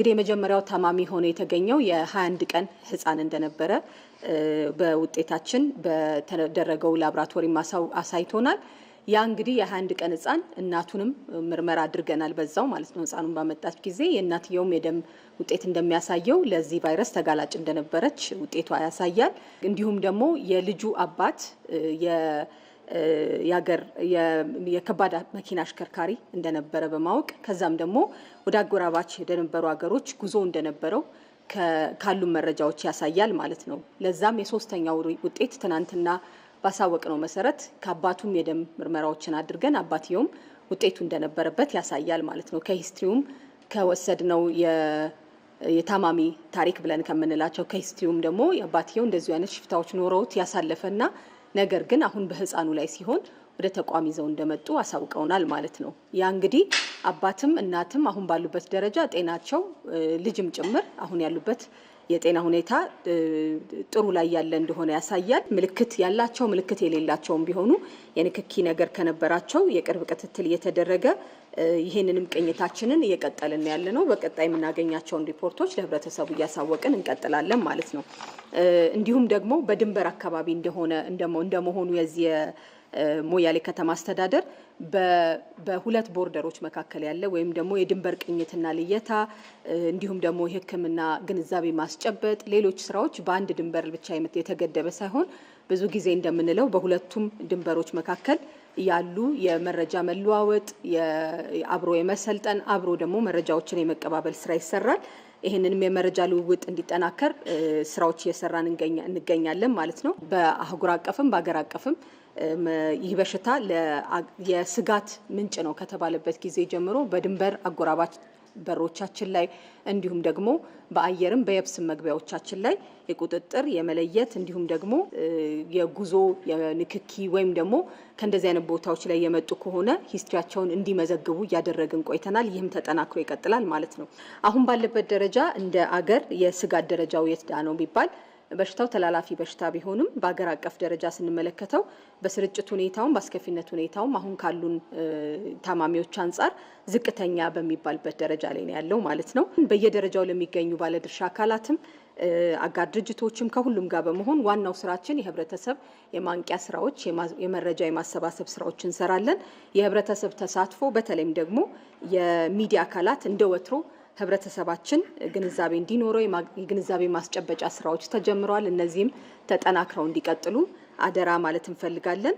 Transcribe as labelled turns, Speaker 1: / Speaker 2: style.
Speaker 1: እንግዲህ የመጀመሪያው ታማሚ ሆኖ የተገኘው የ21 ቀን ህፃን እንደነበረ በውጤታችን በተደረገው ላብራቶሪ አሳይቶናል። ያ እንግዲህ የ21 ቀን ህፃን እናቱንም ምርመራ አድርገናል። በዛው ማለት ነው ህፃኑን ባመጣች ጊዜ የእናትየውም የደም ውጤት እንደሚያሳየው ለዚህ ቫይረስ ተጋላጭ እንደነበረች ውጤቷ ያሳያል። እንዲሁም ደግሞ የልጁ አባት የሀገር የከባድ መኪና አሽከርካሪ እንደነበረ በማወቅ ከዛም ደግሞ ወደ አጎራባች ወደነበሩ ሀገሮች ጉዞ እንደነበረው ካሉ መረጃዎች ያሳያል ማለት ነው። ለዛም የሶስተኛው ውጤት ትናንትና ባሳወቅ ነው መሰረት ከአባቱም የደም ምርመራዎችን አድርገን አባትየውም ውጤቱ እንደነበረበት ያሳያል ማለት ነው። ከሂስትሪውም ከወሰድነው የታማሚ ታሪክ ብለን ከምንላቸው ከሂስትሪውም ደግሞ የአባትየው እንደዚሁ አይነት ሽፍታዎች ኖረውት ያሳለፈና ነገር ግን አሁን በህፃኑ ላይ ሲሆን ወደ ተቋም ይዘው እንደመጡ አሳውቀውናል ማለት ነው። ያ እንግዲህ አባትም እናትም አሁን ባሉበት ደረጃ ጤናቸው ልጅም ጭምር አሁን ያሉበት የጤና ሁኔታ ጥሩ ላይ ያለ እንደሆነ ያሳያል። ምልክት ያላቸው ምልክት የሌላቸውም ቢሆኑ የንክኪ ነገር ከነበራቸው የቅርብ ክትትል እየተደረገ ይህንንም ቅኝታችንን እየቀጠልን ያለ ነው። በቀጣይ የምናገኛቸውን ሪፖርቶች ለህብረተሰቡ እያሳወቅን እንቀጥላለን ማለት ነው። እንዲሁም ደግሞ በድንበር አካባቢ እንደሆነ እንደመሆኑ የዚህ ሞያሌ ከተማ አስተዳደር በሁለት ቦርደሮች መካከል ያለ ወይም ደግሞ የድንበር ቅኝትና ልየታ እንዲሁም ደግሞ የሕክምና ግንዛቤ ማስጨበጥ፣ ሌሎች ስራዎች በአንድ ድንበር ብቻ የተገደበ ሳይሆን ብዙ ጊዜ እንደምንለው በሁለቱም ድንበሮች መካከል ያሉ የመረጃ መለዋወጥ፣ አብሮ የመሰልጠን አብሮ ደግሞ መረጃዎችን የመቀባበል ስራ ይሰራል። ይህንንም የመረጃ ልውውጥ እንዲጠናከር ስራዎች እየሰራን እንገኛለን ማለት ነው። በአህጉር አቀፍም በሀገር አቀፍም ይህ በሽታ የስጋት ምንጭ ነው ከተባለበት ጊዜ ጀምሮ በድንበር አጎራባች በሮቻችን ላይ እንዲሁም ደግሞ በአየርም በየብስ መግቢያዎቻችን ላይ የቁጥጥር የመለየት እንዲሁም ደግሞ የጉዞ የንክኪ ወይም ደግሞ ከእንደዚህ አይነት ቦታዎች ላይ የመጡ ከሆነ ሂስትሪያቸውን እንዲመዘግቡ እያደረግን ቆይተናል። ይህም ተጠናክሮ ይቀጥላል ማለት ነው። አሁን ባለበት ደረጃ እንደ አገር የስጋት ደረጃው የት ዳ ነው ቢባል በሽታው ተላላፊ በሽታ ቢሆንም በሀገር አቀፍ ደረጃ ስንመለከተው በስርጭት ሁኔታውም በአስከፊነት ሁኔታውም አሁን ካሉን ታማሚዎች አንጻር ዝቅተኛ በሚባልበት ደረጃ ላይ ነው ያለው ማለት ነው። በየደረጃው ለሚገኙ ባለድርሻ አካላትም አጋር ድርጅቶችም ከሁሉም ጋር በመሆን ዋናው ስራችን የህብረተሰብ የማንቂያ ስራዎች፣ የመረጃ የማሰባሰብ ስራዎች እንሰራለን። የህብረተሰብ ተሳትፎ በተለይም ደግሞ የሚዲያ አካላት እንደ ወትሮ ህብረተሰባችን ግንዛቤ እንዲኖረው የግንዛቤ ማስጨበጫ ስራዎች ተጀምረዋል። እነዚህም ተጠናክረው እንዲቀጥሉ አደራ ማለት እንፈልጋለን።